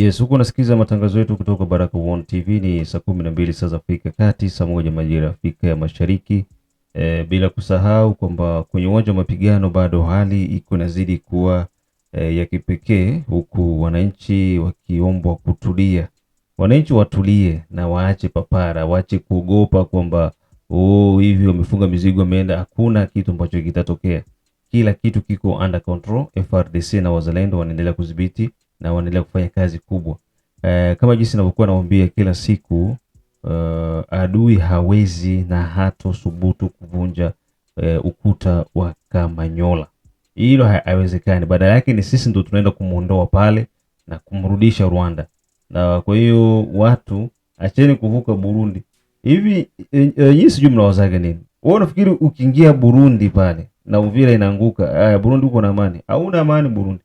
Yes, huko unasikiliza matangazo yetu kutoka baraka One TV. Ni saa kumi na mbili saa za Afrika Kati, saa moja majira ya Afrika ya Mashariki. E, bila kusahau kwamba kwenye uwanja wa mapigano bado hali iko inazidi kuwa e, ya kipekee, huku wananchi wakiombwa kutulia. Wananchi watulie na waache papara, waache kuogopa kwamba oh, hivi wamefunga mizigo wameenda. Hakuna kitu ambacho kitatokea, kila kitu kiko under control. FRDC na wazalendo wanaendelea kudhibiti na wanaendelea kufanya kazi kubwa e, kama jinsi ninavyokuwa nawaambia kila siku e, adui hawezi na hato thubutu kuvunja e, ukuta wa Kamanyola. Hilo haiwezekani. Badala yake ni sisi ndio tunaenda kumwondoa pale na kumrudisha Rwanda. Na kwa hiyo watu acheni kuvuka Burundi hivi e, e, nyinyi sijui mnawazaga nini? Wewe unafikiri ukiingia Burundi pale na Uvira inaanguka, aya Burundi uko na amani? Hauna amani Burundi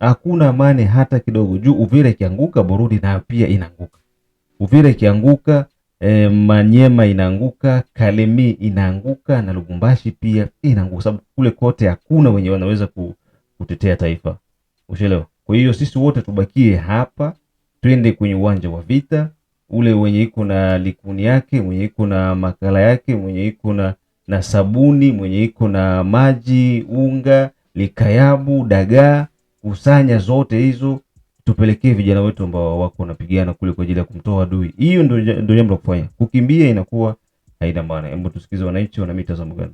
hakuna amani hata kidogo, juu Uvira ikianguka Burundi nayo pia inaanguka. Uvira ikianguka e, Manyema inaanguka, Kalemi inaanguka na Lubumbashi pia inaanguka, sababu kule kote hakuna wenye wanaweza kutetea taifa, ushelewa. Kwa hiyo sisi wote tubakie hapa, twende kwenye uwanja wa vita ule wenye iko na likuni yake, mwenye iko na makala yake, mwenye iko na na sabuni, mwenye iko na maji, unga, likayabu, dagaa kusanya zote hizo tupelekee vijana wetu ambao wako wanapigana kule kwa ajili ya kumtoa adui. Hiyo ndio jambo la kufanya. Kukimbia inakuwa haina maana. Hebu tusikize wananchi wana mitazamo gani?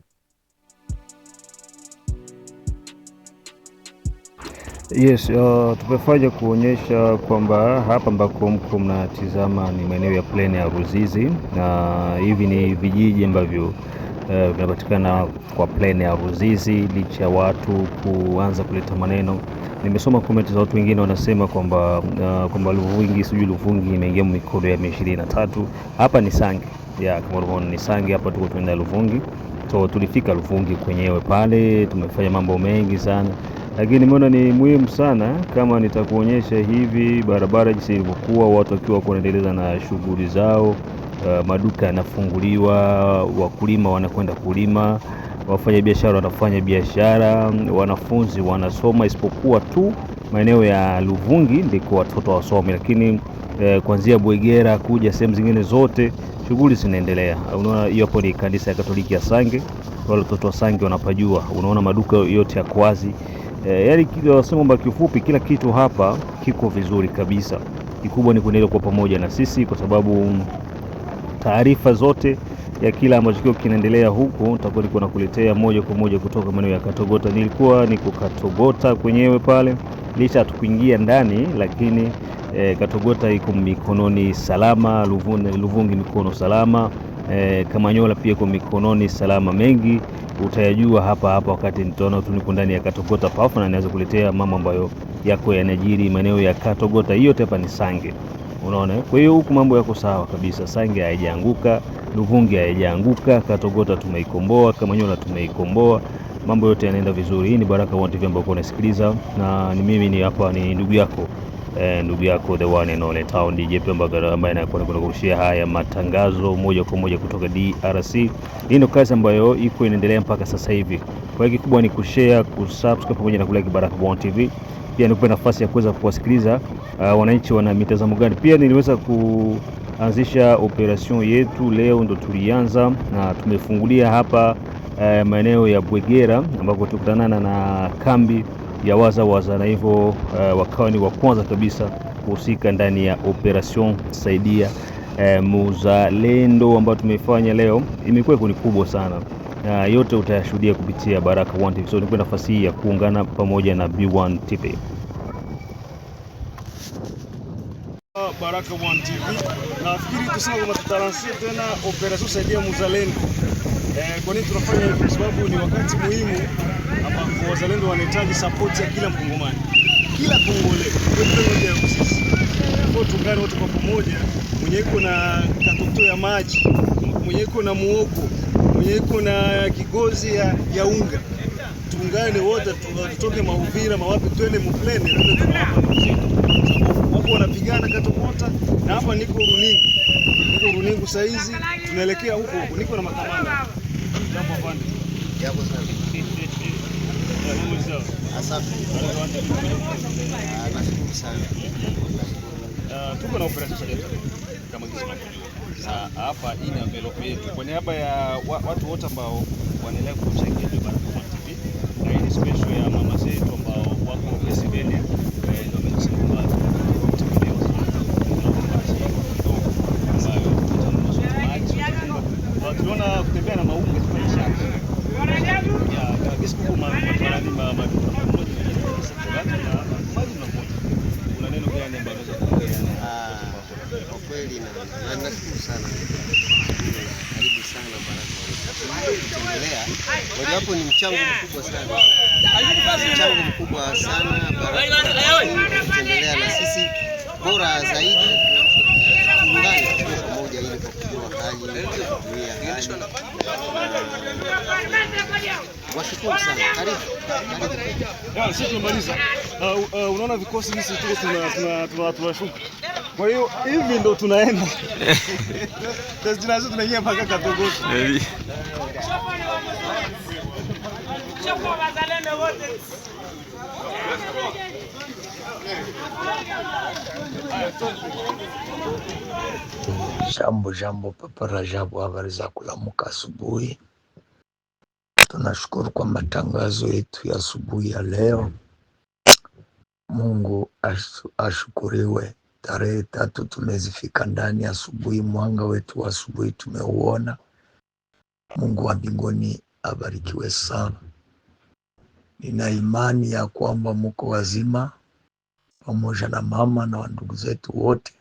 Yes, uh, tumefanya kuonyesha kwamba hapa ambako mko mnatizama ni maeneo ya plane ya Ruzizi na hivi ni vijiji ambavyo uh, vinapatikana kwa plane ya Ruzizi. Licha ya watu kuanza kuleta maneno, nimesoma comment za watu wengine wanasema kwamba uh, kwamba Luvungi sijui Luvungi imeingia mikono ya M23. Hapa ni Sange ya kama unavyoona ni Sange, hapa tuko tunaenda Luvungi. So tulifika Luvungi kwenyewe pale, tumefanya mambo mengi sana lakini mbona ni muhimu sana kama nitakuonyesha hivi barabara jinsi ilivyokuwa, watu wakiwa wako na shughuli zao. Uh, maduka yanafunguliwa, wakulima wanakwenda kulima, wafanya biashara wanafanya biashara, wanafunzi wanasoma, isipokuwa tu maeneo ya Luvungi ndiko watoto wasome, lakini eh, kuanzia Bwegera kuja sehemu zingine zote shughuli zinaendelea. Unaona, hiyo hapo ni kanisa ya Katoliki ya Sange, wale watoto wa Sange wanapajua. Unaona maduka yote ya kwazi e, yani nasema eh, kwamba kifupi, kila kitu hapa kiko vizuri kabisa. Kikubwa ni kuendelea kwa pamoja na sisi, kwa sababu taarifa zote ya kila ambacho kio kinaendelea huku nitakuwa niko nakuletea moja kwa moja kutoka maeneo ya Katogota. Nilikuwa niko Katogota kwenyewe pale, licha hatukuingia ndani, lakini e, Katogota iko mikononi salama, Luvungi mikono salama e, Kamanyola pia kwa mikononi salama. Mengi utayajua hapa hapa wakati nitaona tu niko ndani ya Katogota pafu na naweza kuletea mambo ambayo yako yanajiri maeneo ya Katogota. Hiyo hapa ni Sange, unaona. Kwa hiyo huku mambo yako sawa kabisa. Sange haijaanguka, Luvungi haijaanguka, Katogota tumeikomboa, Kamanyola tumeikomboa, mambo yote yanaenda vizuri. Hii ni Baraka1 TV ambayo unasikiliza, na ni mimi ni hapa, ni ndugu yako eh, ndugu yako the one and only town DJ Pemba ambaye anakuwa anakurushia haya matangazo moja kwa moja kutoka DRC. Hii ndio kazi ambayo iko inaendelea mpaka sasa hivi. Kwa hiyo kikubwa ni kushare, kusubscribe pamoja na kulike Baraka One TV. Pia nikupe nafasi ya kuweza kuwasikiliza uh, wananchi wana mitazamo gani. Pia niliweza kuanzisha operation yetu leo, ndo tulianza na tumefungulia hapa uh, maeneo ya Bwegera ambako tukutanana na kambi ya waza wazawaza na hivyo uh, wakawa ni wa kwanza kabisa kuhusika ndani ya operation saidia uh, Muzalendo ambayo tumeifanya leo. Imekuwa ni kubwa sana na uh, yote utayashuhudia kupitia Baraka One TV. So nikuwa nafasi hii ya kuungana pamoja na B1 TV. Baraka One TV nafikiri tusema kwamba tutaransia tena operation saidia Muzalendo. Eh, kwa nini tunafanya hivi? Kwa sababu ni wakati muhimu ambapo wazalendo wanahitaji support ya kila Mkongomani, kila Kongoleo. Sisi tungane wote kwa pamoja, mwenye iko na katoto ya maji, mwenye iko na muogo, mwenye iko na kigozi ya, ya unga tuungane wote tutoke mauvira mawapi twende mplene wapo wanapigana kato na hapa niko Runingu, niko Runingu saizi tunaelekea huko huko, niko na makamanda Jambo sana. Asante. Ah, ah, tuko na kama na hapa hii ni envelope yetu kwa niaba ya watu wote ambao wanaendelea kuchangia Baraka1 TV na hii special ya mama zetu ambao wako Pennsylvania eh, tuliona kutembea na maunga kwa kweli nashukuru sana, karibu sana kutembelea. Mojawapo ni mchango mkubwa sana, mchango mkubwa sana kutembelea, na sisi bora zaidi pamoja ili kujua hali Washukuru sana. Karibu. Bwana, sisi tumemaliza. Uh, uh, unaona vikosi hivi tuko tuna tuna tuna tunashuka. Kwa hiyo hivi ndo tunaenda. Sasa tunaanza tunaingia mpaka Katogosi. Eh. Chapo wazalendo wote. Jambo jambo, papara jambo, habari za kulamuka asubuhi. Tunashukuru kwa matangazo yetu ya asubuhi ya leo. Mungu ashukuriwe. Tarehe tatu tumezifika ndani asubuhi, mwanga wetu wa asubuhi tumeuona. Mungu wa mbinguni abarikiwe sana. Nina imani ya kwamba muko wazima pamoja na mama na wandugu zetu wote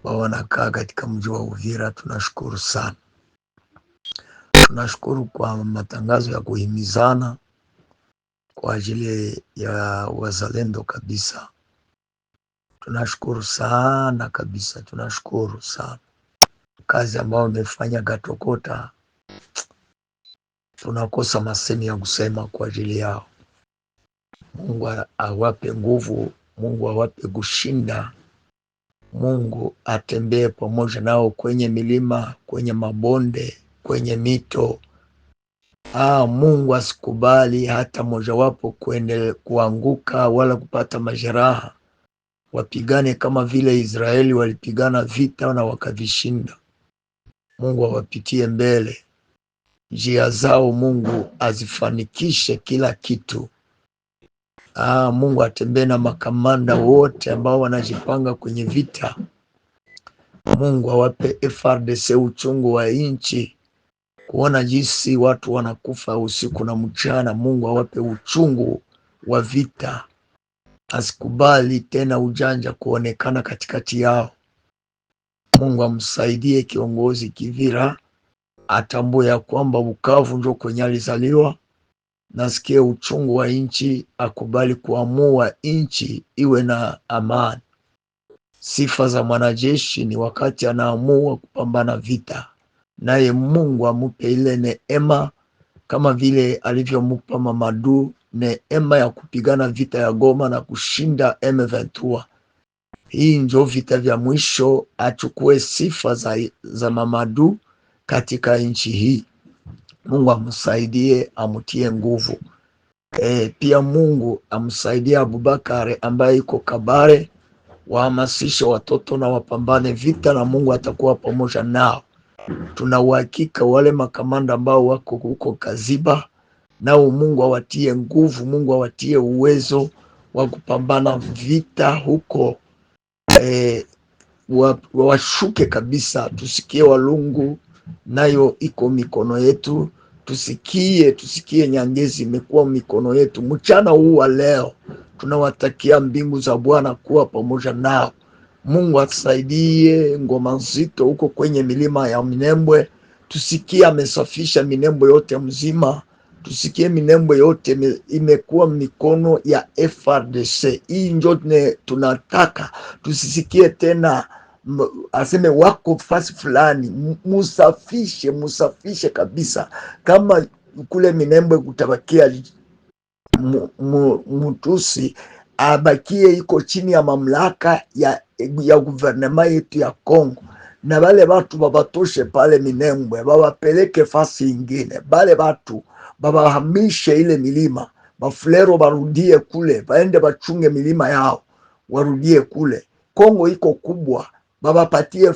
ambao wanakaa katika mji wa Uvira. Tunashukuru sana. Tunashukuru kwa matangazo ya kuhimizana kwa ajili ya wazalendo kabisa. Tunashukuru sana kabisa, tunashukuru sana kazi ambayo umefanya Katokota. Tunakosa masemi ya kusema kwa ajili yao. Mungu awape nguvu, Mungu awape kushinda, Mungu atembee pamoja nao kwenye milima, kwenye mabonde kwenye mito. Aa, Mungu asikubali hata mojawapo kuendelea kuanguka wala kupata majeraha. Wapigane kama vile Israeli walipigana vita na wakavishinda. Mungu awapitie mbele njia zao, Mungu azifanikishe kila kitu. Aa, Mungu atembee na makamanda wote ambao wanajipanga kwenye vita. Mungu awape frdc uchungu wa nchi kuona jinsi watu wanakufa usiku na mchana. Mungu awape uchungu wa vita, asikubali tena ujanja kuonekana katikati yao. Mungu amsaidie kiongozi Kivira atambue ya kwamba Bukavu njo kwenye alizaliwa. Nasikie uchungu wa nchi, akubali kuamua nchi iwe na amani. Sifa za mwanajeshi ni wakati anaamua kupambana vita naye Mungu amupe ile neema kama vile alivyomupa Mamadu neema ya kupigana vita ya Goma na kushinda M23. Hii njo vita vya mwisho, achukue sifa za, za Mamadu katika nchi hii. Mungu amsaidie amutie nguvu. E, pia Mungu amsaidie Abubakar ambaye iko Kabare, wahamasishe watoto na wapambane vita, na Mungu atakuwa pamoja nao. Tuna uhakika wale makamanda ambao wako huko Kaziba, nao Mungu awatie nguvu, Mungu awatie uwezo wa kupambana vita huko eh, washuke wa kabisa, tusikie Walungu nayo iko mikono yetu, tusikie tusikie, Nyangezi imekuwa mikono yetu. Mchana huu wa leo tunawatakia mbingu za Bwana kuwa pamoja nao. Mungu atusaidie. Ngoma nzito huko kwenye milima ya Minembwe, tusikie amesafisha Minembwe yote mzima, tusikie Minembwe yote imekuwa mikono ya FRDC. Hii njo tunataka tusisikie tena aseme wako fasi fulani, musafishe musafishe kabisa. Kama kule Minembwe kutabakia Mutusi abakie iko chini ya mamlaka ya, ya guvernema yetu ya Kongo na bale batu babatoshe pale Minembwe, babapeleke fasi ingine. Bale batu babahamishe ile milima, bafulero barudie kule, baende bachunge milima yao, warudie kule. Kongo iko kubwa, babapatie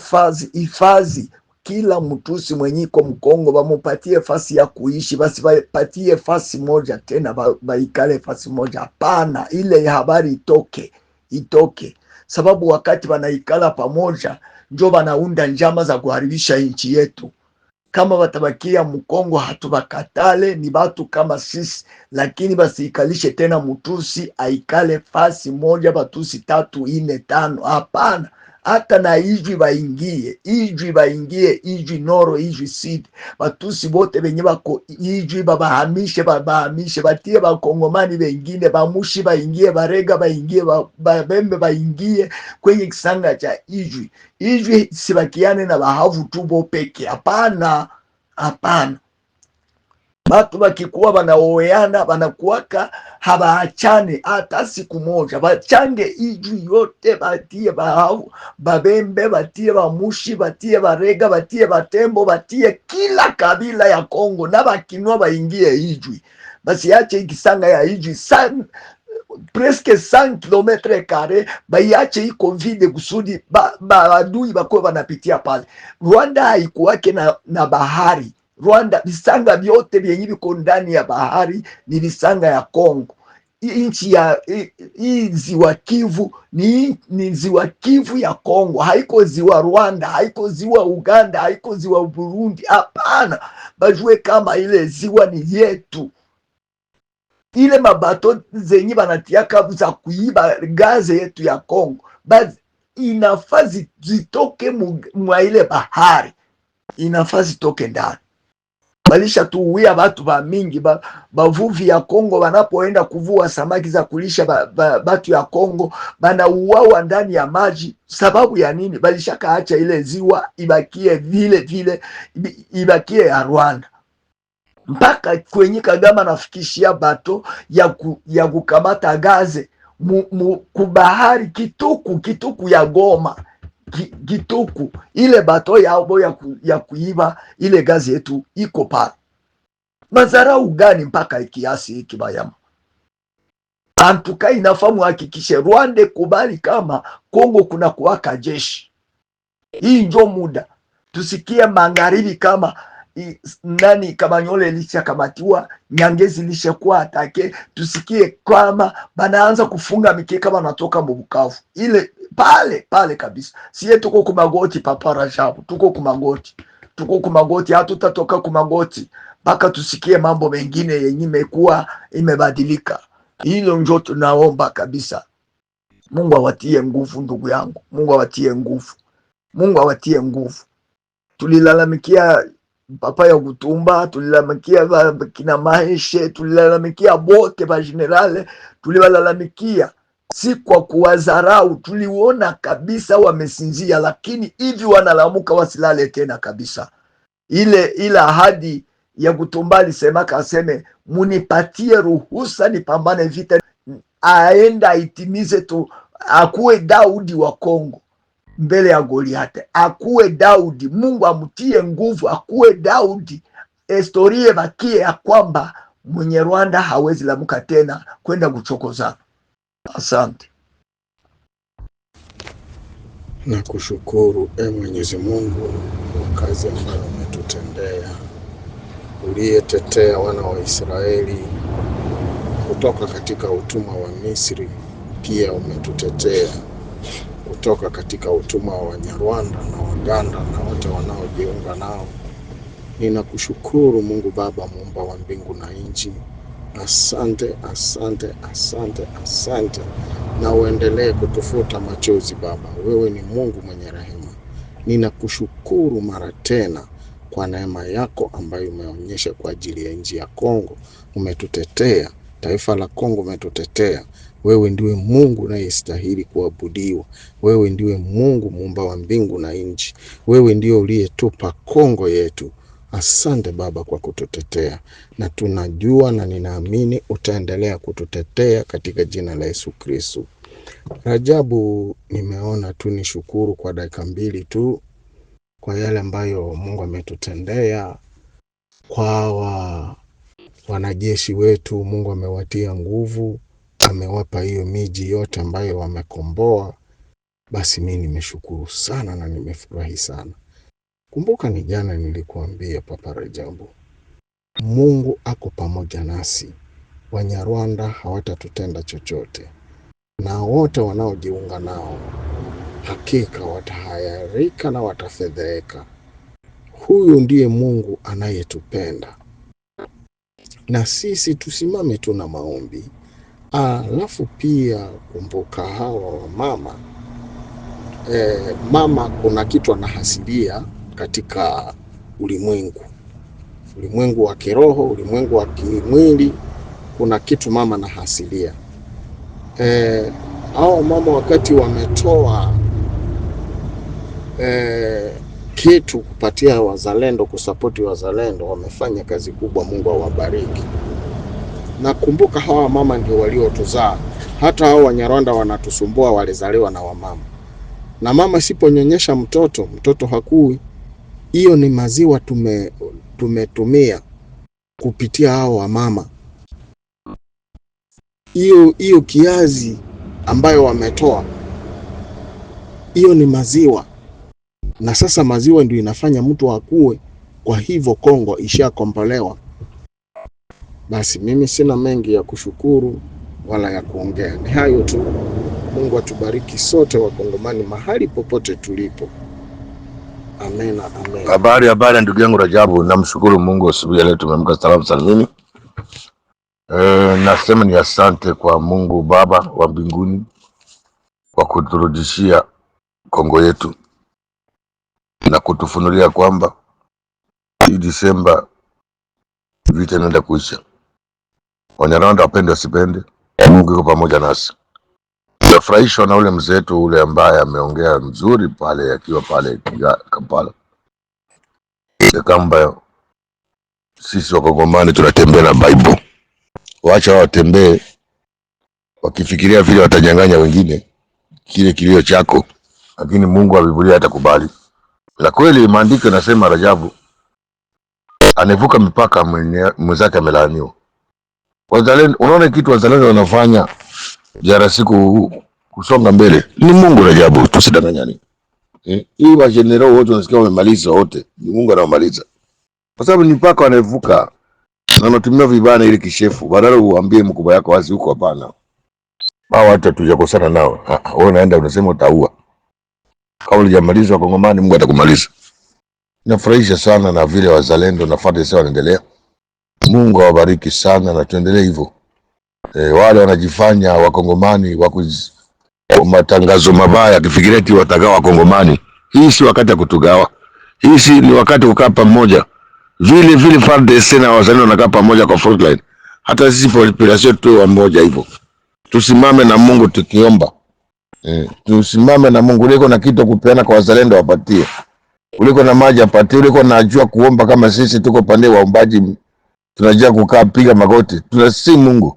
hifadhi kila mtusi mwenye iko mkongo bamupatie fasi ya kuishi, basi bapatie fasi moja tena, baikale fasi moja hapana. Ile habari itoke itoke, sababu wakati wanaikala pamoja njo wanaunda njama za kuharibisha nchi yetu. Kama watabakia mkongo hatubakatale, ni batu kama sisi, lakini basiikalishe tena mtusi, aikale fasi moja, batusi tatu ine tano, hapana hata na ijwi baingie, ijwi baingie, ijwi Noro, ijwi sid batusi bote benye bako ijwi babahamishe, babahamishe, batie bakongomani bengine, bamushi baingie, barega baingie, babembe baingie kwenye kisanga cha ijwi. Ijwi sibakiane na bahavu tu bo peke, hapana, hapana. Batu bakikuwa banaoweana banakuwaka habaachane hata siku moja, bachange iju yote, batie bahau babembe, batie bamushi, batie barega, batie batembo, batie kila kabila ya Kongo na bakinwa baingie ijwi, basiache ikisanga ya ijwi san preske 100 kilometre kare baiache iko vide kusudi badui ba, bakuwa banapitia pale. Rwanda haikuwake na, na bahari Rwanda, visanga vyote vyenye viko ndani ya bahari ni visanga ya Kongo. Nchi ya hii ziwa Kivu ni, ni ziwa Kivu ya Kongo, haiko ziwa Rwanda, haiko ziwa Uganda, haiko ziwa Burundi. Hapana, bajue kama ile ziwa ni yetu. Ile mabato zenye banatiaka za kuiba gaze yetu ya Kongo basi inafaa zitoke mwa ile bahari, inafaa zitoke ndani balisha tuuwia batu ba mingi ba, bavuvi ya Kongo banapoenda kuvua samaki za kulisha ba, ba, batu ya Kongo banauawa ndani ya maji. Sababu ya nini? Balishakaacha ile ziwa ibakie vile vile, ibakie ya Rwanda mpaka kwenye Kagama nafikishia bato ya, ku, ya kukamata gaze mu, mu, kubahari kituku kituku ya Goma Gituku, ile bato yabo ya, ku, ya kuiba ile gazi yetu iko pale. Mazarau gani mpaka kiasi hiki bayama? Antuka nafamu, hakikishe Rwanda kubali kama Kongo kuna kuwaka jeshi. Hii njo muda tusikie magharibi kama nani Kabanyole kamatiwa Nyangezi ilishakuwa atake, tusikie kama banaanza kufunga mikeka, banatoka natoka Bukavu ile pale pale kabisa. Siye tuko kumagoti, Papa Rajabu, tuko kumagoti, tuko kumagoti, hatutatoka kumagoti mpaka tusikie mambo mengine yenye imekuwa imebadilika. Hilo njo tunaomba kabisa. Mungu awatie nguvu ndugu yangu, Mungu awatie nguvu, Mungu awatie nguvu. Tulilalamikia papa ya Kutumba, tulilalamikia kina Maeshe, tulilalamikia bote ba tulibalalamikia tuliwalalamikia si kwa kuwadharau, tuliona kabisa wamesinzia, lakini hivi wanalamuka wasilale tena kabisa. Ile ila ahadi ya kutumbali semaka aseme munipatie ruhusa nipambane vita, aenda aitimize tu, akuwe Daudi wa Kongo mbele ya goliate akuwe Daudi. Mungu amtie nguvu, akuwe Daudi. historie bakie ya kwamba mwenye Rwanda hawezi lamuka tena kwenda kuchokoza Asante. Na kushukuru e Mwenyezi Mungu kwa kazi ambayo umetutendea, uliyetetea wana wa Israeli kutoka katika utumwa wa Misri. Pia umetutetea kutoka katika utumwa wa Wanyarwanda na Waganda na wote wanaojiunga nao. Ninakushukuru Mungu Baba, muumba wa mbingu na nchi Asante, asante, asante, asante, na uendelee kutufuta machozi Baba. Wewe ni Mungu mwenye rehema. Ninakushukuru mara tena kwa neema yako ambayo umeonyesha kwa ajili ya nchi ya Kongo. Umetutetea taifa la Kongo, umetutetea. Wewe ndiwe Mungu unayestahili kuabudiwa. Wewe ndiwe Mungu muumba wa mbingu na nchi. Wewe ndio uliyetupa Kongo yetu. Asante Baba kwa kututetea, na tunajua na ninaamini utaendelea kututetea katika jina la Yesu Kristo. Rajabu, nimeona tu nishukuru kwa dakika mbili tu kwa yale ambayo Mungu ametutendea kwa hawa wanajeshi wetu. Mungu amewatia nguvu, amewapa hiyo miji yote ambayo wamekomboa. Basi mi nimeshukuru sana na nimefurahi sana. Kumbuka ni jana nilikuambia Papa Rajabu, Mungu ako pamoja nasi, Wanyarwanda hawatatutenda chochote, na wote wanaojiunga nao hakika watahayarika na watafedheeka. Huyu ndiye Mungu anayetupenda, na sisi tusimame tu na maombi. Alafu pia kumbuka hawa wamama, e, mama kuna kitu anahasidia katika ulimwengu ulimwengu wa kiroho, ulimwengu wa kimwili, kuna kitu mama na hasilia e, au mama wakati wametoa e, kitu kupatia wazalendo, kusapoti wazalendo, wamefanya kazi kubwa. Mungu awabariki. Nakumbuka hawa mama ndio waliotuzaa. Hata hao Wanyarwanda wanatusumbua, walizaliwa na wamama, na mama siponyonyesha mtoto, mtoto hakui hiyo ni maziwa tume tumetumia kupitia hao wamama, hiyo hiyo kiazi ambayo wametoa hiyo ni maziwa, na sasa maziwa ndio inafanya mtu akue. Kwa hivyo Kongo ishakombolewa. Basi mimi sina mengi ya kushukuru wala ya kuongea, ni hayo tu. Mungu atubariki sote Wakongomani mahali popote tulipo. Amina, amina. Habari, habari ndugu yangu Rajabu, namshukuru Mungu asubuhi ya leo tumeamka salama salimini. E, eh, nasema ni asante kwa Mungu Baba wa mbinguni kwa kuturudishia Kongo yetu na kutufunulia kwamba hii Disemba vita inaenda kuisha. Wanyarwanda wapende wasipende, Mungu yuko pamoja nasi sijafurahishwa na ule mzetu ule ambaye ameongea mzuri pale akiwa pale Kampala kamba sisi Wakongomani tunatembea na Bible. Wacha watembee wakifikiria vile watanyang'anya wengine kile kilio chako, lakini Mungu wa Biblia hatakubali. La kweli maandiko yanasema, Rajabu anevuka mipaka mwenzake amelaaniwa. Wazalendo, unaona kitu wazalendo wanafanya jara siku kusonga mbele ni Mungu na jabu, tusidanganyani eh? Hii majenera wote wanasikia wamemaliza wote, ni Mungu anawamaliza kwa sababu ni mpaka wanaevuka na wanatumia vibana ili kishefu, badala uambie mkubwa yako wazi huko. Hapana, hao watu hatujakosana nao. Wewe unaenda unasema utaua, kama ulijamaliza wakongomani, Mungu atakumaliza. Nafurahisha sana na vile wazalendo na FARDC wanaendelea. Mungu awabariki sana na tuendelee hivyo e, wale wanajifanya wakongomani wa matangazo mabaya yakifikiria eti watagawa wakongomani. Hii si wakati ya kutugawa, hii si ni wakati kukaa pamoja, vile vile FARDC na wazalendo wanakaa pamoja kwa frontline. Hata sisi population tu wa moja hivyo, tusimame na Mungu tukiomba e, tusimame na Mungu. Uliko na kitu kupeana kwa wazalendo wapatie, uliko na maji apatie, uliko na jua kuomba kama sisi tuko pande waombaji, tunajua kukaa piga magoti, tunasi Mungu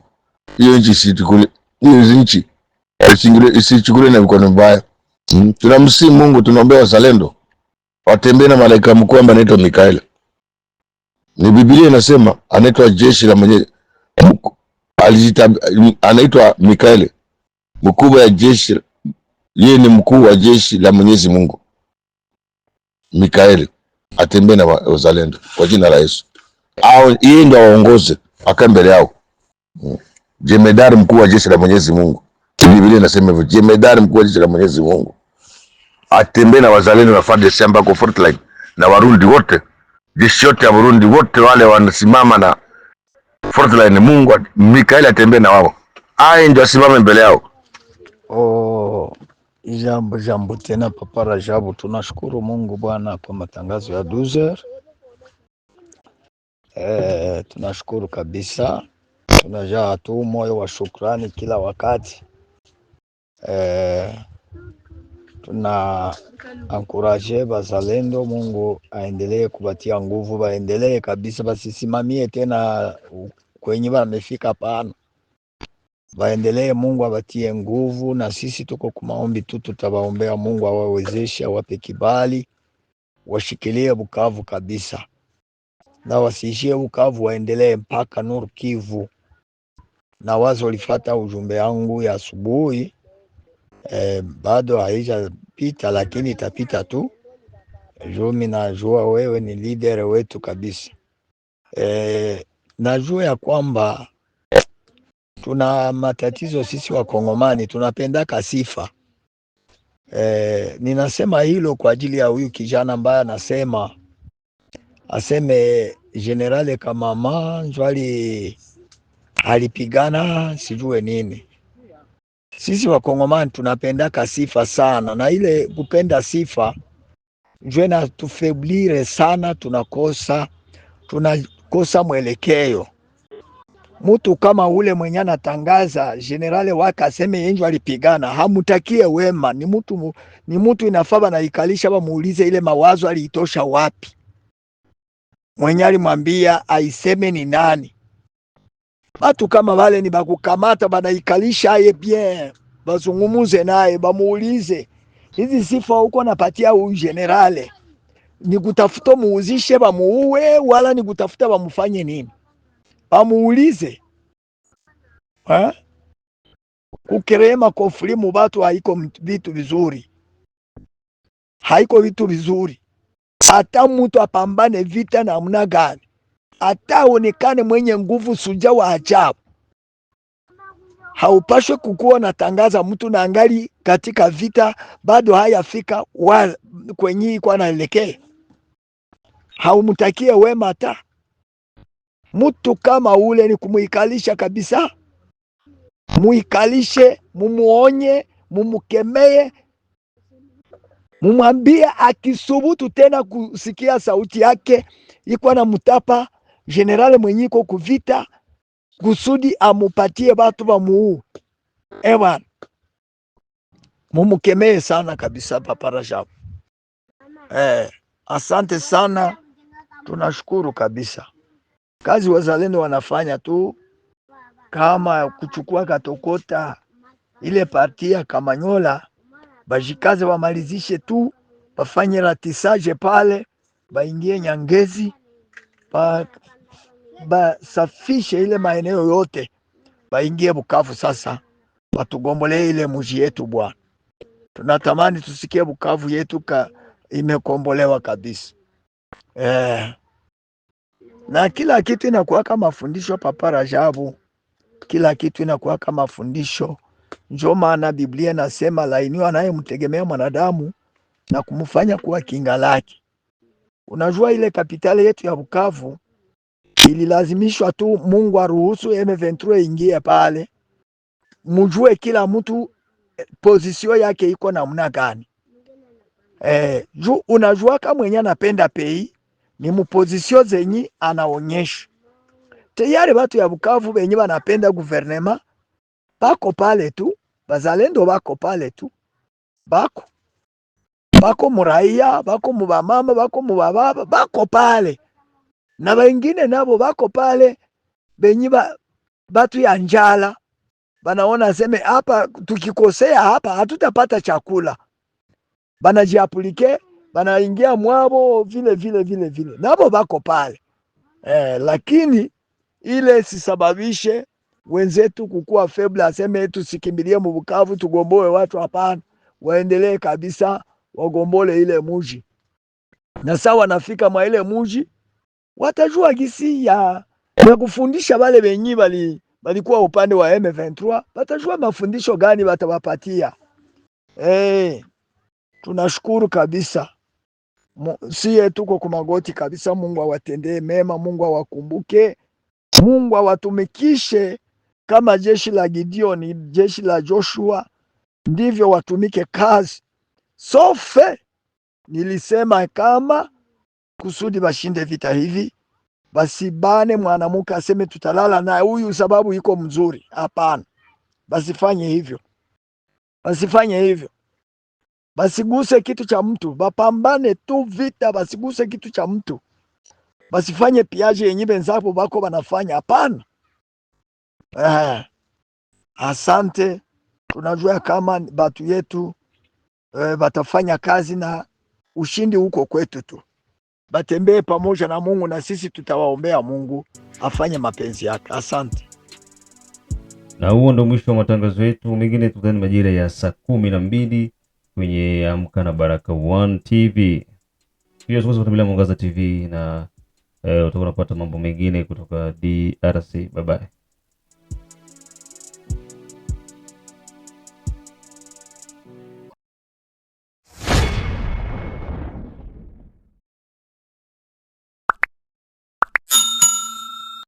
hiyo nchi isichukule hiyo nchi isichukule eh, na mikono mbaya. Mm. Tunamsihi Mungu, tunaombea wazalendo watembee na malaika mkuu ambaye anaitwa Mikaeli. Ni Biblia inasema anaitwa jeshi la mwenye anaitwa Mikaeli, mkubwa ya jeshi. Yeye ni mkuu wa jeshi la Mwenyezi Mungu. Mikaeli atembee na wazalendo kwa jina la Yesu, au yeye ndo awaongoze akaa mbele yao. Mm jemedari mkuu wa jeshi la Mwenyezi Mungu. Biblia inasema hivyo, jemedari mkuu wa jeshi la Mwenyezi Mungu atembee na wazalendo na FARDC ambako frontline na Warundi wote, jeshi yote ya Burundi wote wale wanasimama na frontline. Mungu Mikaeli atembee na wao, aye ndio asimame mbele yao. Oh, jambo jambo tena, Papa Rajabu, tunashukuru Mungu Bwana kwa matangazo ya 12 Eh, tunashukuru kabisa tunajaa tu moyo wa shukrani kila wakati eh, tuna ankuraje bazalendo. Mungu aendelee kubatia nguvu, baendelee kabisa, basisimamie tena kwenye wamefika pana, baendelee. Mungu abatie nguvu, na sisi tuko kumaombi tu, tutabaombea Mungu awawezeshe, awape kibali, washikilie Bukavu kabisa na wasiishie Bukavu, waendelee mpaka Nord Kivu na wazo lifata ujumbe wangu ya asubuhi eh, bado haijapita, lakini itapita tu. Juu minajua wewe ni lider wetu kabisa. Eh, najua ya kwamba tuna matatizo sisi Wakongomani, tunapendaka sifa eh. Ninasema hilo kwa ajili ya huyu kijana ambaye anasema aseme Generale Kamama Njwali alipigana sijue nini. Sisi wakongomani tunapendaka sifa sana, na ile kupenda sifa njwe na tufeblire sana, tunakosa tunakosa mwelekeo. Mutu kama ule mwenye anatangaza generale wake aseme yenjwe alipigana, hamutakie wema. Ni mutu, ni mutu inafaa banaikalisha bamuulize ile mawazo aliitosha wapi, mwenye alimwambia aiseme ni nani Batu kama bale ni bakukamata, banaikalisha aye bien, bazungumuze naye, bamuulize hizi sifa uko napatia huyu generale ni kutafuta muuzishe bamuue, wala ni kutafuta bamufanye nini? Bamuulize ha? Kukerema makofuli mu batu haiko vitu vizuri, haiko vitu vizuri. Hata mutu apambane vita namna gani? hata uonekane mwenye nguvu, suja wa ajabu. Haupashwe kukuwa natangaza mtu na angali katika vita bado hayafika kwenye kwa naelekea Haumtakie wema hata mtu kama ule, ni kumuikalisha kabisa. Muikalishe, mumuonye, mumukemeye, mumwambie akisubutu tena kusikia sauti yake iko na mutapa general mwenyiko kuvita kusudi amupatie batu bamuue. Ewa mumukemee sana kabisa Papa Rajabu. Eh, asante sana, tunashukuru kabisa. Kazi wazalendo wanafanya tu kama kuchukua katokota ile parti ya Kamanyola, bajikaze wamalizishe tu, bafanye ratisaje pale, baingie Nyangezi basafishe ile maeneo yote, baingie Bukavu sasa, batugombolee ile muji yetu Bwana. Tunatamani tusikie Bukavu yetu ka imekombolewa kabisa eh, na kila kitu inakuwa kama mafundisho Papa Rajabu, kila kitu inakuwa kama mafundisho. Njo maana Biblia nasema lainiwa naye mtegemea mwanadamu na kumfanya kuwa kinga lake. Unajua ile kapitali yetu ya Bukavu ililazimishwa tu, Mungu aruhusu M23 ingie pale, mujue kila mtu eh, pozisio yake iko namna gani. Eh, ju unajua kama mwenye anapenda pei ni mupozisio zenyi anaonyesha tayari. Watu ya Bukavu benye wanapenda guvernema bako pale tu, bazalendo bako pale tu, bako bako muraia, bako mubamama, bako mubababa, bako pale na wengine nabo bako pale benyi ba, batu ya njala banaona seme hapa tukikosea hapa hatutapata chakula, banajiapulike banaingia mwabo vile vile vile vile nabo bako pale eh, lakini ile sisababishe wenzetu kukua feble, aseme tusikimbilie mubukavu tugomboe watu. Hapana, waendelee kabisa, wagombole ile muji, na saa wanafika mwa ile muji watajua gisi ya ya kufundisha wale wenyi bali balikuwa upande wa M23, watajua mafundisho gani Eh, Hey, tunashukuru kabisa, siye tuko kumagoti kabisa. Mungu awatendee mema, Mungu awakumbuke, Mungu awatumikishe kama jeshi la gideon jeshi la Joshua, ndivyo watumike kazi sofe. Nilisema kama kusudi bashinde vita hivi. Basibane mwanamke aseme tutalala na huyu sababu iko mzuri. Hapana, basifanye hivyo, basifanye hivyo, basiguse kitu cha mtu, bapambane tu vita, basiguse kitu cha mtu, basifanye piaje yenye benzapo bako banafanya. Hapana. Eh, asante. Tunajua kama batu yetu eh, batafanya kazi na ushindi huko kwetu tu batembee pamoja na Mungu na sisi tutawaombea Mungu afanye mapenzi yake. Asante. Na huo ndo mwisho wa matangazo yetu, mengine tutani majira ya saa kumi na mbili kwenye Amka na Baraka One TV. Pia usikose Mwangaza TV na eh, utakuwa unapata mambo mengine kutoka DRC. Bye bye.